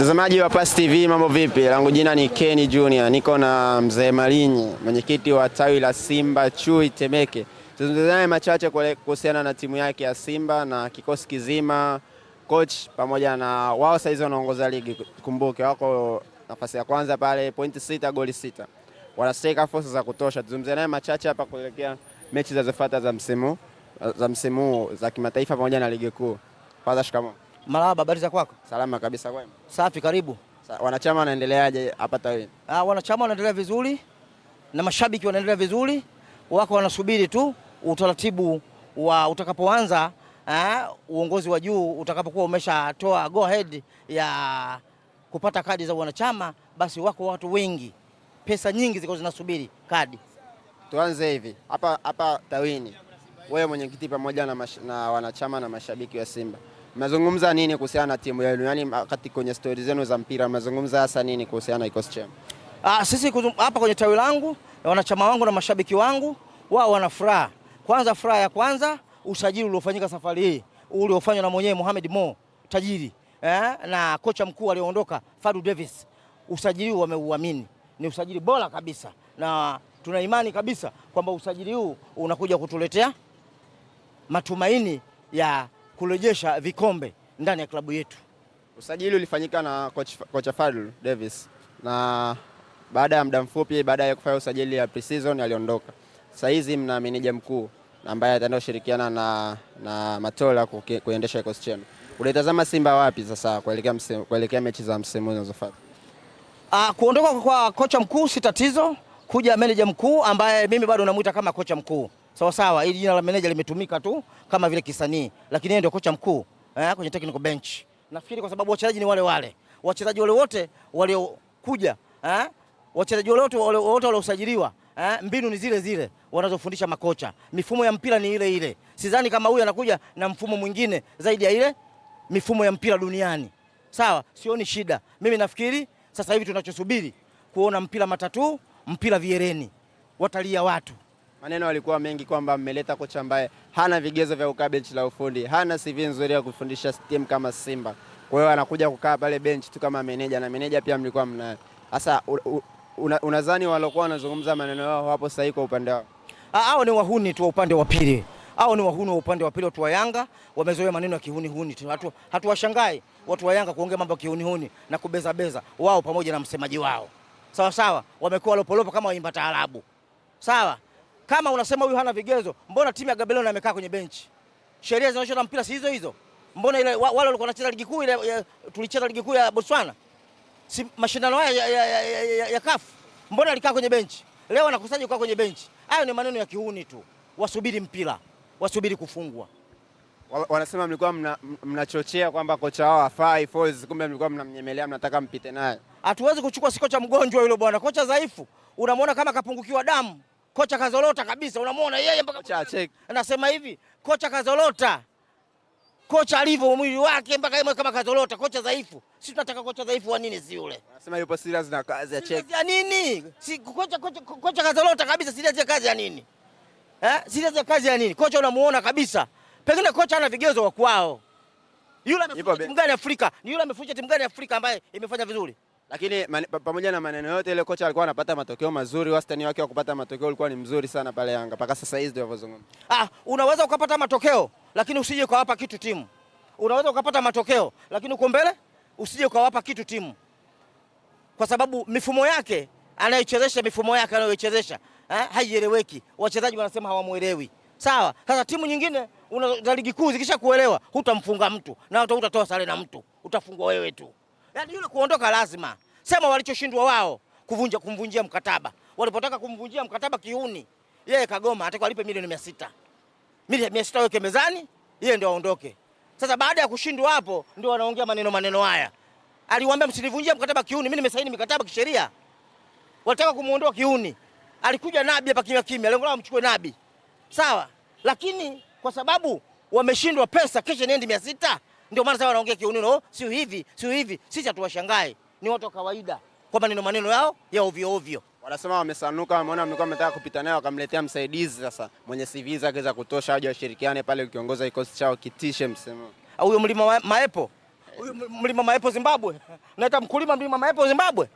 Mtazamaji wa Pass TV, mambo vipi? Langu jina ni Kenny Junior, niko na mzee Malinyi, mwenyekiti wa tawi la Simba Chui Temeke. Tuzungumzane machache kuhusiana na timu yake ya Simba na kikosi kizima, coach pamoja na wao. Saizi wanaongoza ligi, kumbuke wako nafasi ya kwanza pale, pointi sita, goli sita, wana stake forces za kutosha. Tuzungumzie naye machache hapa kuelekea mechi zinazofuata za msimu za msimu za kimataifa pamoja na ligi kuu. Kwanza shikamoo. Marahaba, habari za kwako? Salama kabisa kwema. Safi, karibu. Sa, wanachama wanaendeleaje hapa Tawi? Ah, wanachama wanaendelea vizuri na mashabiki wanaendelea vizuri, wako wanasubiri tu utaratibu wa utakapoanza eh, uongozi wa juu utakapokuwa umeshatoa go ahead ya kupata kadi za wanachama, basi wako watu wengi, pesa nyingi ziko zinasubiri kadi. Tuanze hivi hapa hapa tawini, wewe mwenyekiti, pamoja na, na wanachama na mashabiki wa Simba Mnazungumza nini kuhusiana na timu yenu? Yaani wakati kwenye stori zenu za mpira mnazungumza hasa nini kuhusiana na kikosi chenu? Ah, sisi hapa kwenye tawi langu wanachama wangu na mashabiki wangu wao wana furaha. Kwanza furaha ya kwanza usajili uliofanyika safari hii uliofanywa na mwenyewe Mohamed Mo tajiri eh, na kocha mkuu alioondoka Fadu Davis. Usajili wameuamini ni usajili bora kabisa, na tuna imani kabisa kwamba usajili huu unakuja kutuletea matumaini ya kurejesha vikombe ndani ya klabu yetu. Usajili ulifanyika na kocha Fadlu Davis na baada ya muda mfupi baada ya kufanya usajili ya pre-season aliondoka. Sasa hizi mna meneja mkuu ambaye ataenda kushirikiana na, na Matola kuendesha kikosi chenu. Unaitazama Simba wapi sasa kuelekea kuelekea mechi za msimu zinazofuata? Ah, kuondoka kwa kocha mkuu si tatizo, kuja meneja mkuu ambaye mimi bado namuita kama kocha mkuu sawa sawa, ili jina la meneja limetumika tu kama vile kisanii, lakini yeye ndio kocha mkuu eh, kwenye technical bench. Nafikiri kwa sababu wachezaji ni wale wale, wachezaji wale wote waliokuja eh, wachezaji wale wote waliosajiliwa eh, mbinu ni zile zile wanazofundisha makocha, mifumo ya mpira ni ile ile. Sidhani kama huyu anakuja na mfumo mwingine zaidi ya ile mifumo ya mpira duniani. Sawa, sioni shida. Mimi nafikiri sasa hivi tunachosubiri kuona mpira matatu, mpira viereni, watalia watu Maneno yalikuwa mengi kwamba mmeleta kocha ambaye hana vigezo vya kukaa benchi la ufundi, hana CV nzuri ya kufundisha timu kama Simba. Kwa hiyo anakuja kukaa pale benchi tu kama meneja, na meneja pia mlikuwa mnayo. Sasa unadhani una walokuwa wanazungumza maneno yao hapo sahihi kwa upande wao? Ah, hao ni wahuni tu wa upande wa pili hao ni wahuni wa upande wa pili. Watu wa Yanga wamezoea maneno ya kihuni huni, hatuwashangai watu wa Yanga kuongea mambo ya kihuni huni na kubeza beza, wao pamoja na msemaji wao sawa sawa, wamekuwa lopolopo kama waimba taarabu sawa kama unasema huyu hana vigezo, mbona timu ya Gabelona amekaa kwenye benchi? Sheria zinazocheza mpira si hizo hizo? Mbona ile wale walikuwa wanacheza ligi kuu ile, tulicheza ligi kuu ya Botswana, si mashindano haya ya, ya, ya, ya, ya, ya ya CAF. mbona alikaa kwenye benchi? Leo anakusaje kukaa kwenye benchi? Hayo ni maneno ya kihuni tu, wasubiri mpira, wasubiri kufungwa. Wanasema mlikuwa mnachochea mna kwamba kocha wao afai Folz, kumbe mlikuwa mnamnyemelea, mnataka mpite naye. Hatuwezi kuchukua si kocha mgonjwa yule bwana, kocha dhaifu. Unamwona kama kapungukiwa damu kocha kazorota kabisa, unamwona yeye mpaka anasema hivi, kocha kazorota, kocha alivyo mwili wake mpaka yeye kama kazorota, kocha dhaifu. Sisi tunataka kocha dhaifu wa nini? Si yule anasema yupo serious na kazi ya check ya nini? Si kocha kocha, kocha kazorota kabisa, serious ya kazi ya nini eh? Serious ya kazi ya nini? Kocha unamuona kabisa, pengine kocha ana vigezo wa kwao. Yule amefunga timu gani Afrika? Ni yule amefunga timu gani Afrika ambaye imefanya vizuri? Lakini man, pamoja na maneno yote ile kocha alikuwa anapata matokeo mazuri, wastani wake wa kupata matokeo ulikuwa ni mzuri sana pale Yanga mpaka sasa hizi tunavyozungumza. Ah, unaweza ukapata matokeo lakini usije ukawapa kitu timu. Unaweza ukapata matokeo lakini uko mbele usije ukawapa kitu timu. Kwa sababu mifumo yake anayochezesha, mifumo yake anayochezesha ha? Eh, haieleweki. Wachezaji wanasema hawamuelewi. Sawa, sasa timu nyingine una ligi kuu zikishakuelewa, hutamfunga mtu na hata utatoa sare na mtu, utafungwa wewe tu yaani yule kuondoka lazima. Sema walichoshindwa wao kuvunja kumvunjia mkataba, walipotaka kumvunjia mkataba kiuni, yeye kagoma, atakiwa alipe milioni 600. milioni 600 sita weke mezani, yeye ndio aondoke. Sasa baada ya kushindwa hapo, ndio wanaongea maneno maneno haya. Aliwaambia msinivunjie mkataba kiuni, mimi nimesaini mikataba kisheria. Walitaka kumuondoa kiuni, alikuja Nabi hapa kimya kimya, lengo lao mchukue Nabi, sawa, lakini kwa sababu wameshindwa pesa, kesho niende 600. Ndio maana sasa wanaongea kiunino, oh, sio hivi, sio hivi. Sisi hatuwashangae, ni watu wa kawaida, kwa maneno maneno yao ya ovyo ovyo. Wanasema wamesanuka, wameona mlikuwa mmetaka kupita naye, wakamletea msaidizi sasa mwenye CV zake za kutosha, aje washirikiane pale, ukiongoza kikosi chao kitishe msemo. Ah, huyo mlima maepo, huyo mlima maepo Zimbabwe, naita mkulima mlima maepo Zimbabwe.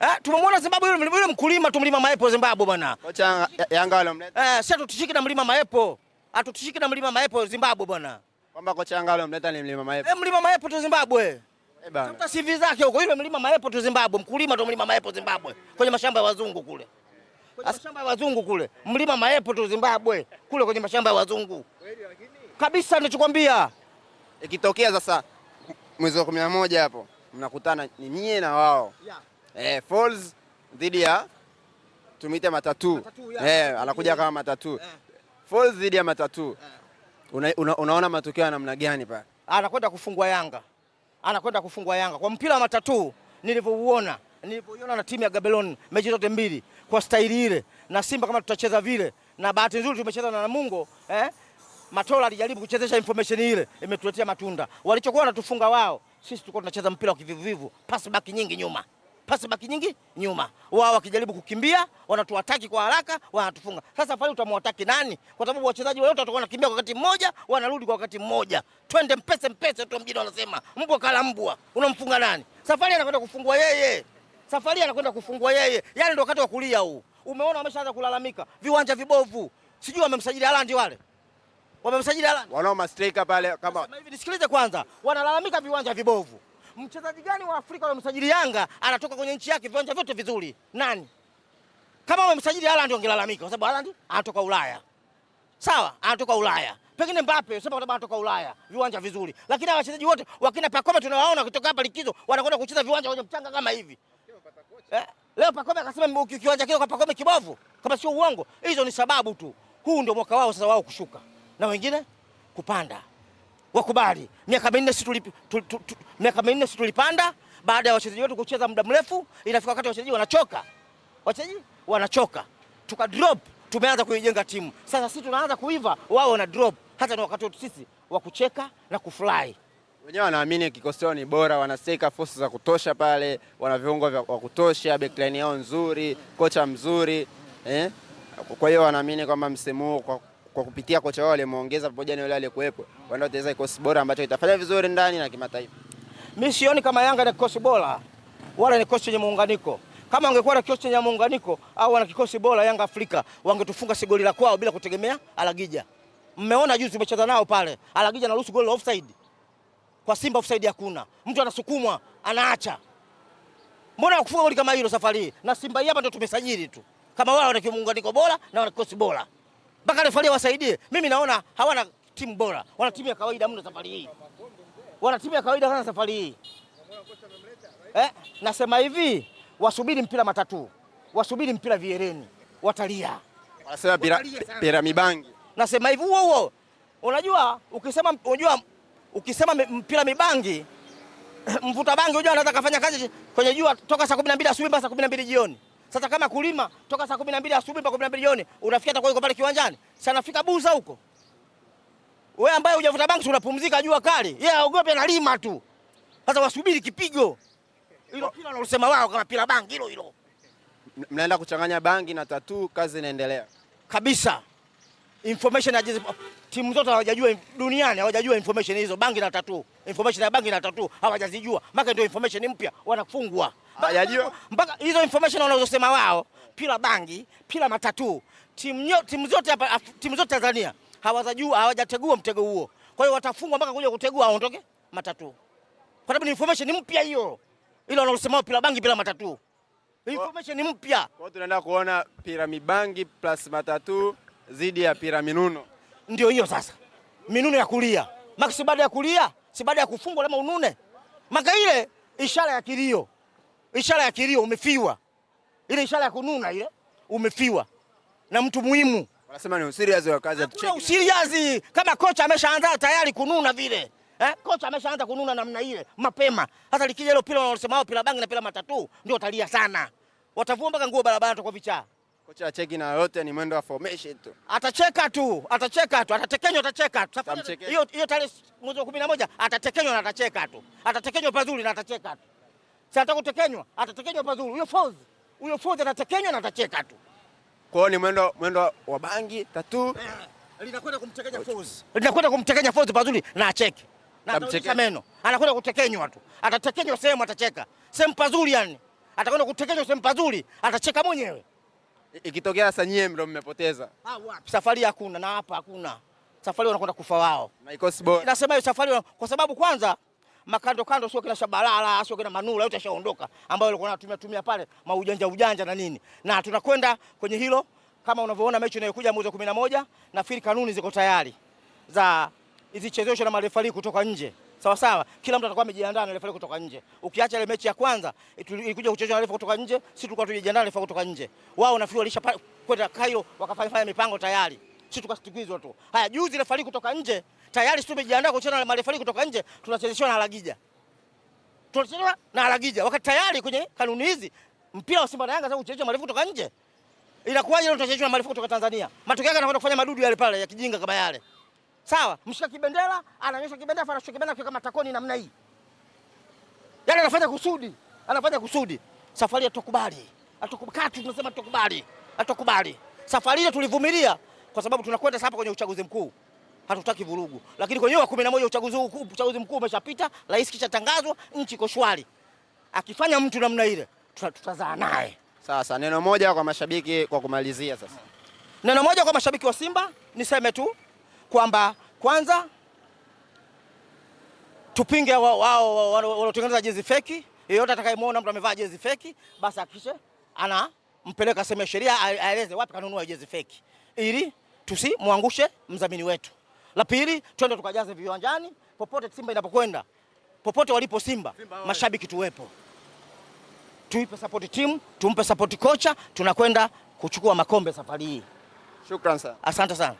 Ah, tumemwona Zimbabwe yule yule mkulima tu mlima maepo Zimbabwe bwana. Kocha Yanga walimleta. Eh, sasa tutishiki na mlima maepo, hatutishiki na mlima maepo Zimbabwe bwana. Kwamba kocha Yanga leo mleta ni mlima maepo. Eh, mlima maepo tu Zimbabwe. Eh bana. Tafuta CV zake huko ile mlima maepo tu Zimbabwe. Mkulima tu mlima maepo Zimbabwe. Kwenye mashamba ya wazungu kule. Kwenye mashamba ya wazungu kule. Mlima maepo tu Zimbabwe. Kule kwenye mashamba ya wazungu. Kweli lakini? Kabisa nilichokwambia. Ikitokea sasa mwezi wa 11 hapo mnakutana ni nyie na wao. Yeah. Eh, Falls dhidi ya tumite matatu. matatu eh, anakuja kama matatu. Eh. Falls dhidi ya matatu. Yeah una, una, unaona matokeo ya namna gani pale? Anakwenda kufungwa Yanga, anakwenda kufungwa Yanga kwa mpira wa matatu nilivyouona nilivyoiona na timu ya Gabelon mechi zote mbili kwa staili ile, na Simba kama tutacheza vile, na bahati nzuri tumecheza na Namungo eh? Matola alijaribu kuchezesha information ile, imetuletea matunda. Walichokuwa wanatufunga wao, sisi tulikuwa tunacheza mpira wa kivivuvivu, pass back nyingi nyuma pasi baki nyingi nyuma, wao wakijaribu kukimbia wanatuataki kwa haraka, wanatufunga. Sasa pale utamwataki nani? Kwa sababu wachezaji wote watakuwa wanakimbia kwa wakati mmoja, wanarudi kwa wakati mmoja. Twende mpese mpese tu, mjini wanasema mbwa kala mbwa. Unamfunga nani? Safari anakwenda kufungua yeye, safari anakwenda kufungua yeye. Yani ndio wakati wa kulia huu. Umeona wameshaanza kulalamika, viwanja vibovu, sijui wamemsajili Haaland wale wamemsajili Haaland, wanao ma striker pale kama hivi. Nisikilize kwanza, wanalalamika viwanja vibovu Mchezaji gani wa Afrika wamemsajili Yanga anatoka kwenye nchi yake viwanja vyote vizuri? Nani? Kama wamemsajili Haaland ungelalamika kwa sababu Haaland anatoka Ulaya. Sawa, anatoka Ulaya. Pengine Mbappe sema kwamba anatoka Ulaya, viwanja vizuri. Lakini hawa wachezaji wote wakina Pacome tunawaona kutoka hapa likizo wanakwenda kucheza viwanja kwenye mchanga kama hivi. Eh, leo Pacome akasema kiwanja kile kwa Pacome kibovu, kama sio uongo. Hizo ni sababu tu. Huu ndio mwaka wao sasa wao kushuka na wengine kupanda wakubali. Miaka minne si miaka minne si tulipanda baada ya wachezaji wetu kucheza muda mrefu, inafika wakati wachezaji wanachoka, wachezaji wanachoka, tuka drop. Tumeanza kuijenga timu sasa, sisi tunaanza kuiva, wao wana drop. Hata ni wakati wetu sisi wa kucheka na kufurahi. Wenyewe wanaamini kikosi ni bora, wanasteka force za kutosha pale, wana viungo vya kutosha, backline yao nzuri, kocha mzuri eh? Kwa hiyo wanaamini kwamba msimu huu kwa kupitia kocha wao walimuongeza pamoja na yule aliyekuwepo, wanda wataweza kikosi bora ambacho kitafanya vizuri ndani na kimataifa. Mi sioni kama Yanga ni kikosi bora wala ni kikosi chenye muunganiko. Kama wangekuwa na kikosi chenye muunganiko au wana kikosi bora Yanga Afrika wangetufunga si goli la kwao bila kutegemea Alagija. Mmeona juzi tumecheza nao pale, Alagija anaruhusu goli la offside. Kwa Simba offside hakuna, mtu anasukumwa anaacha. Mbona wakufunga goli kama hilo safari hii? Na Simba hii hapa ndio tumesajili tu, kama wao wana kimuunganiko bora na wana kikosi bora mpaka refari wasaidie. Mimi naona hawana timu bora, wana timu ya kawaida mno safari hii, wana timu ya kawaida sana safari hii eh. Nasema hivi, wasubiri mpira matatu, wasubiri mpira viereni, watalia. Wanasema pira pira mibangi, nasema hivi huo huo. Unajua, ukisema unajua, ukisema mpira mibangi mvuta bangi, unajua anaweza kafanya kazi kwenye jua toka saa 12 asubuhi mpaka saa 12 jioni. Sasa kama kulima toka saa 12 asubuhi mpaka 12 jioni, unafika atakuwa yuko pale kiwanjani. Sasa nafika buza huko. Wewe ambaye hujavuta banks unapumzika jua kali. Yeye aogope analima tu. Sasa wasubiri kipigo. Hilo kila wanalosema wao kama pila bangi hilo hilo. Mnaenda kuchanganya bangi na tatu, kazi inaendelea. Kabisa. Information ya timu zote hawajajua duniani, hawajajua information hizo bangi na tatu. Information ya bangi na tatu hawajazijua. Maka ndio information mpya wanafungwa. Hayajua ah, mpaka hizo information wanazosema wao, pila bangi, pila matatu. Timu timu zote hapa, timu zote Tanzania hawazajua, hawajategua mtego huo. Kwa hiyo watafungwa mpaka kuja kutegua aondoke matatu. Kwa sababu ni information mpya hiyo. Ile wanalosema pila bangi, pila matatu. Information mpya. Kwa hiyo tunaenda kuona pila mibangi plus matatu zidi ya pila minuno. Ndio hiyo sasa. Minuno ya kulia. Maki si baada ya kulia, si baada ya kufungwa lama unune. Maka ile ishara ya kilio. Ishara ya kilio umefiwa, ile ishara ya kununa ile umefiwa na mtu muhimu. Wanasema ni usiriazi wa kazi, atucheki usiriazi. Kama kocha ameshaanza tayari kununa vile eh, kocha ameshaanza kununa namna ile mapema, hata likija hilo pila wanasema hao pila bangi na pila matatu, ndio watalia sana, watavua mpaka nguo barabara, tu kwa vichaa. Kocha acheki na yote ni mwendo wa formation tu, atacheka tu, atacheka tu, atatekenywa, atacheka tu. Hiyo hiyo tarehe mwezi wa 11 atatekenywa na atacheka tu, atatekenywa pazuri na atacheka tu. Sasa atakutekenywa, atatekenywa pazuri. Huyo fozi, huyo fozi atatekenywa na atacheka tu. Kwa hiyo ni mwendo mwendo wa bangi tatu. Eh, linakwenda kumtekenya fozi, Linakwenda kumtekenya fozi pazuri na acheke. Na atacheka meno. Anakwenda kutekenywa tu. Atatekenywa sehemu atacheka. Sehemu pazuri yani. Atakwenda kutekenywa sehemu pazuri, atacheka mwenyewe. Ikitokea sasa nyie ndio mmepoteza. Ah, wapi? Safari hakuna na hapa hakuna. Safari wanakwenda kufa wao. Na ikosi bora. Nasema hiyo safari kwa sababu kwanza makando kando, sio kina Shabalala, sio kina Manula, yote yashaondoka, ambayo walikuwa wanatumia tumia pale maujanja ujanja na nini, na tunakwenda kwenye hilo. Kama unavyoona mechi inayokuja mwezi wa 11, nafikiri kanuni ziko tayari za izichezeshwe na marefali kutoka nje Sawa sawa, kila mtu atakuwa amejiandaa na refali kutoka nje. Ukiacha ile mechi ya kwanza ilikuja kuchezwa na refa kutoka nje, sisi tulikuwa tujiandaa na refa kutoka nje. Wao nafikiri walisha kwenda Cairo wakafanya mipango tayari, sisi tukasikilizwa tu. Haya, juzi refali kutoka nje tayari tumejiandaa kucheza na marefali kutoka nje, tunachezeshwa na Alagija, tunachezeshwa na Alagija wakati tayari kwenye kanuni hizi mpira wa Simba na Yanga sasa uchezeshwa marefari kutoka nje, inakuwaje leo tunachezeshwa na marefari kutoka Tanzania? Matokeo yake anakwenda kufanya madudu yale pale ya kijinga kama yale. Sawa, mshika kibendera, ananyosha kibendera, anashika kibendera kwa kama takoni namna hii. Yale yaani anafanya kusudi, anafanya kusudi. Safari atakubali. Atakubali, tunasema atakubali. Atakubali. Safari ile tulivumilia kwa sababu tunakwenda sasa hapa kwenye uchaguzi mkuu hatutaki vurugu, lakini kwenye wa kumi na moja uchaguzi mkuu, uchaguzi mkuu umeshapita, rais tangazwa, nchi iko shwari. Akifanya mtu namna ile tutazaa naye. Sasa neno moja kwa mashabiki kwa kumalizia sasa. Neno moja kwa mashabiki wa Simba niseme tu kwamba kwanza tupinge wao wao wanaotengeneza jezi feki. Yeyote atakayemwona mtu amevaa jezi feki, basi hakikishe anampeleka sehemu ya sheria, aeleze wapi kanunua jezi feki, ili tusimwangushe mdhamini wetu. La pili, twende tukajaze viwanjani popote Simba inapokwenda, popote walipo Simba, Simba mashabiki tuwepo, tuipe support timu, tumpe support kocha, tunakwenda kuchukua makombe safari hii. Shukran sana, asante sana.